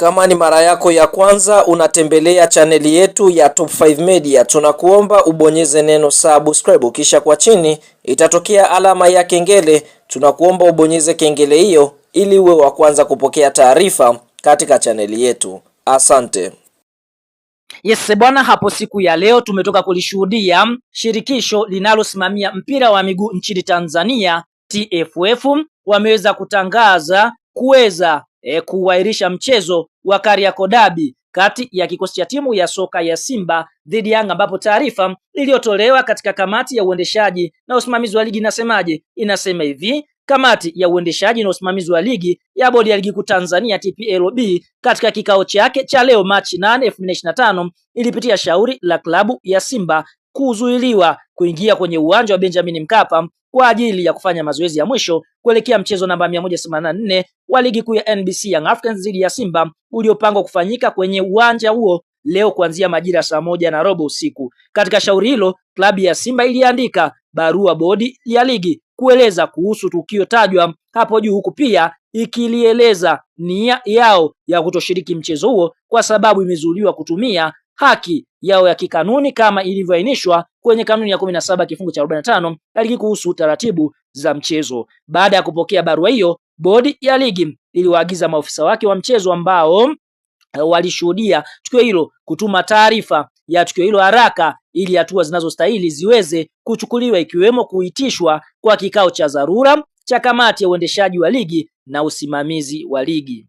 Kama ni mara yako ya kwanza unatembelea chaneli yetu ya Top 5 Media, tunakuomba ubonyeze neno subscribe, kisha kwa chini itatokea alama ya kengele. Tunakuomba ubonyeze kengele hiyo ili uwe wa kwanza kupokea taarifa katika chaneli yetu. Asante. Yes bwana, hapo siku ya leo tumetoka kulishuhudia shirikisho linalosimamia mpira wa miguu nchini Tanzania TFF wameweza kutangaza kuweza E, kuahirisha mchezo wa Kariakoo Derby kati ya kikosi cha timu ya soka ya Simba dhidi Yanga, ambapo taarifa iliyotolewa katika kamati ya uendeshaji na usimamizi wa ligi inasemaje? Inasema hivi: Kamati ya uendeshaji na usimamizi wa ligi ya bodi ya ligi kuu Tanzania TPLB katika kikao chake cha leo Machi 8, 2025 ilipitia shauri la klabu ya Simba kuzuiliwa kuingia kwenye uwanja wa Benjamin Mkapa kwa ajili ya kufanya mazoezi ya mwisho kuelekea mchezo namba 184 wa ligi kuu ya NBC Young Africans dhidi ya Simba uliopangwa kufanyika kwenye uwanja huo leo kuanzia majira saa moja na robo usiku. Katika shauri hilo, klabu ya Simba iliandika barua bodi ya ligi kueleza kuhusu tukio tajwa hapo juu, huku pia ikilieleza nia yao ya kutoshiriki mchezo huo kwa sababu imezuiliwa kutumia haki yao ya kikanuni kama ilivyoainishwa kwenye kanuni ya 17 saba kifungu cha 45 ya ligi kuhusu taratibu za mchezo. Baada ya kupokea barua hiyo, bodi ya ligi iliwaagiza maofisa wake wa mchezo ambao eh, walishuhudia tukio hilo kutuma taarifa ya tukio hilo haraka ili hatua zinazostahili ziweze kuchukuliwa ikiwemo kuitishwa kwa kikao cha dharura cha kamati ya uendeshaji wa ligi na usimamizi wa ligi.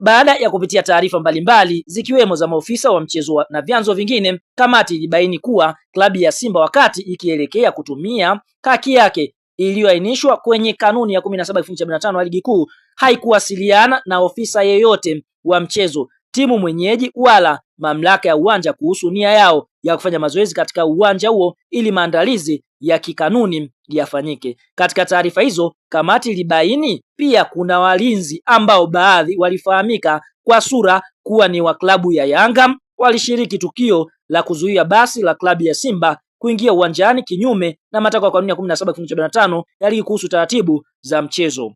Baada ya kupitia taarifa mbalimbali zikiwemo za maofisa wa mchezo na vyanzo vingine, kamati ilibaini kuwa klabu ya Simba wakati ikielekea kutumia haki yake iliyoainishwa kwenye kanuni ya 17 2025 ya ligi kuu haikuwasiliana na ofisa yeyote wa mchezo, timu mwenyeji wala mamlaka ya uwanja kuhusu nia yao ya kufanya mazoezi katika uwanja huo ili maandalizi ya kikanuni yafanyike. Katika taarifa hizo, kamati ilibaini pia kuna walinzi ambao baadhi walifahamika kwa sura kuwa ni wa klabu ya Yanga walishiriki tukio la kuzuia basi la klabu ya Simba kuingia uwanjani kinyume na matakwa ya kanuni ya 17 kifungu cha 5 ya ligi kuhusu taratibu za mchezo.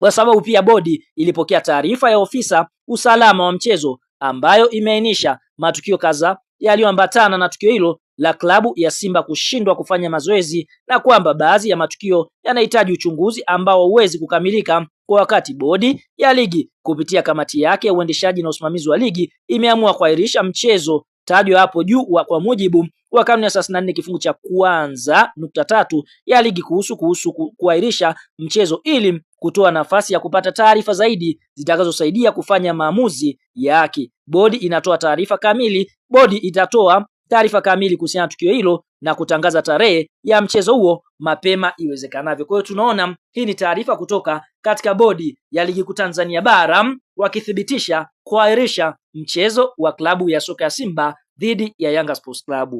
Kwa sababu pia bodi ilipokea taarifa ya ofisa usalama wa mchezo ambayo imeainisha matukio kadhaa yaliyoambatana na tukio hilo la klabu ya Simba kushindwa kufanya mazoezi na kwamba baadhi ya matukio yanahitaji uchunguzi ambao huwezi kukamilika kwa wakati. Bodi ya ligi kupitia kamati yake ya uendeshaji na usimamizi wa ligi imeamua kuahirisha mchezo tajwa hapo juu kwa mujibu wa kanuni ya thelathini na nne kifungu cha kwanza nukta tatu ya ligi kuhusu kuhusu kuahirisha mchezo ili kutoa nafasi ya kupata taarifa zaidi zitakazosaidia kufanya maamuzi ya haki. Bodi inatoa taarifa kamili. Bodi itatoa taarifa kamili kuhusiana na tukio hilo na kutangaza tarehe ya mchezo huo mapema iwezekanavyo. Kwa hiyo tunaona hii ni taarifa kutoka katika bodi ya ligi kuu Tanzania bara wakithibitisha kuahirisha mchezo wa klabu ya soka ya Simba dhidi ya Yanga Sports Club.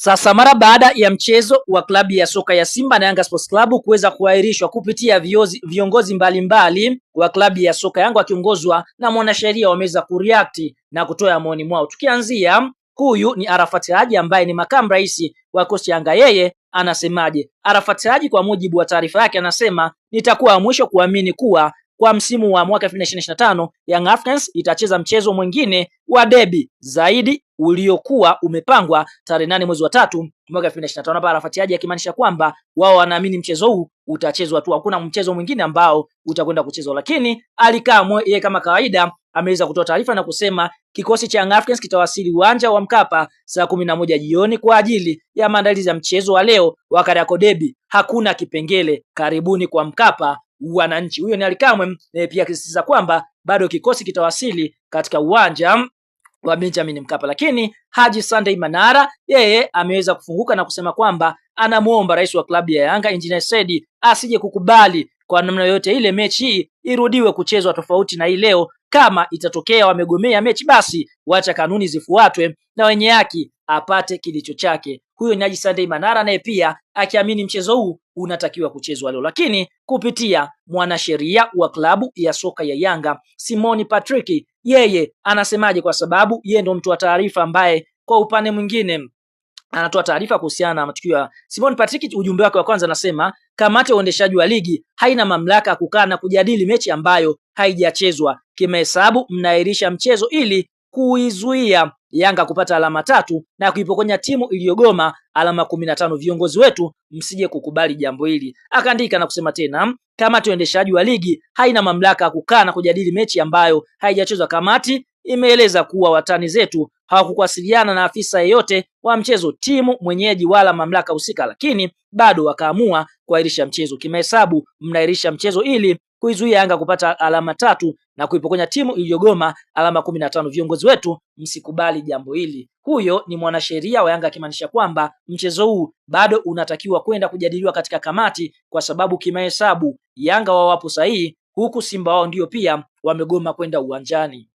Sasa mara baada ya mchezo wa klabu ya soka ya Simba na Yanga Sports Club kuweza kuahirishwa kupitia viozi, viongozi mbalimbali mbali wa klabu ya soka Yanga wakiongozwa na mwanasheria wameweza kureact na kutoa maoni mwao. Tukianzia huyu ni Arafat Haji ambaye ni makamu rais wa kosi Yanga, yeye anasemaje? Arafat Haji kwa mujibu wa taarifa yake anasema, nitakuwa mwisho kuamini kuwa kwa msimu wa mwaka 2025 Young Africans itacheza mchezo mwingine wa debi zaidi uliokuwa umepangwa tarehe nane mwezi wa tatu mwaka 2025. Hapa Arafatiaji akimaanisha kwamba wao wanaamini mchezo huu utachezwa tu, hakuna mchezo mwingine ambao utakwenda kuchezwa. Lakini alikamwe yeye kama kawaida ameweza kutoa taarifa na kusema kikosi cha Young Africans kitawasili uwanja wa Mkapa saa kumi na moja jioni kwa ajili ya maandalizi ya mchezo wa leo wa Kariakoo Derby. Hakuna kipengele karibuni kwa Mkapa wananchi. Huyo ni Alikamwe pia akisisitiza kwamba bado kikosi kitawasili katika uwanja wa Benjamin Mkapa, lakini Haji Sunday Manara yeye ameweza kufunguka na kusema kwamba anamwomba rais wa klabu ya Yanga Engineer Said asije kukubali kwa namna yoyote ile mechi hii irudiwe kuchezwa tofauti na hii leo. Kama itatokea wamegomea mechi, basi wacha kanuni zifuatwe na wenye haki apate kilicho chake. Huyo ni Haji Sunday Manara, naye pia akiamini mchezo huu unatakiwa kuchezwa leo, lakini kupitia mwanasheria wa klabu ya soka ya Yanga Simoni Patrick yeye anasemaje, kwa sababu yeye ndo mtu wa taarifa ambaye kwa upande mwingine anatoa taarifa kuhusiana na matukio ya Simon Patrick. Ujumbe wake wa kwanza anasema kamati ya uendeshaji wa ligi haina mamlaka ya kukaa na kujadili mechi ambayo haijachezwa. Kimahesabu mnaahirisha mchezo ili kuizuia Yanga kupata alama tatu na kuipokonya timu iliyogoma alama kumi na tano. Viongozi wetu msije kukubali jambo hili, akaandika na kusema tena, kamati ya uendeshaji wa ligi haina mamlaka ya kukaa na kujadili mechi ambayo haijachezwa. Kamati imeeleza kuwa watani zetu hawakuwasiliana na afisa yeyote wa mchezo, timu mwenyeji wala mamlaka husika, lakini bado wakaamua kuahirisha mchezo. Kimahesabu mnaahirisha mchezo ili kuizuia Yanga kupata alama tatu na kuipokonya timu iliyogoma alama kumi na tano. Viongozi wetu msikubali jambo hili. Huyo ni mwanasheria wa Yanga akimaanisha kwamba mchezo huu bado unatakiwa kwenda kujadiliwa katika kamati, kwa sababu kimahesabu Yanga wao wapo sahihi, huku Simba wao ndio pia wamegoma kwenda uwanjani.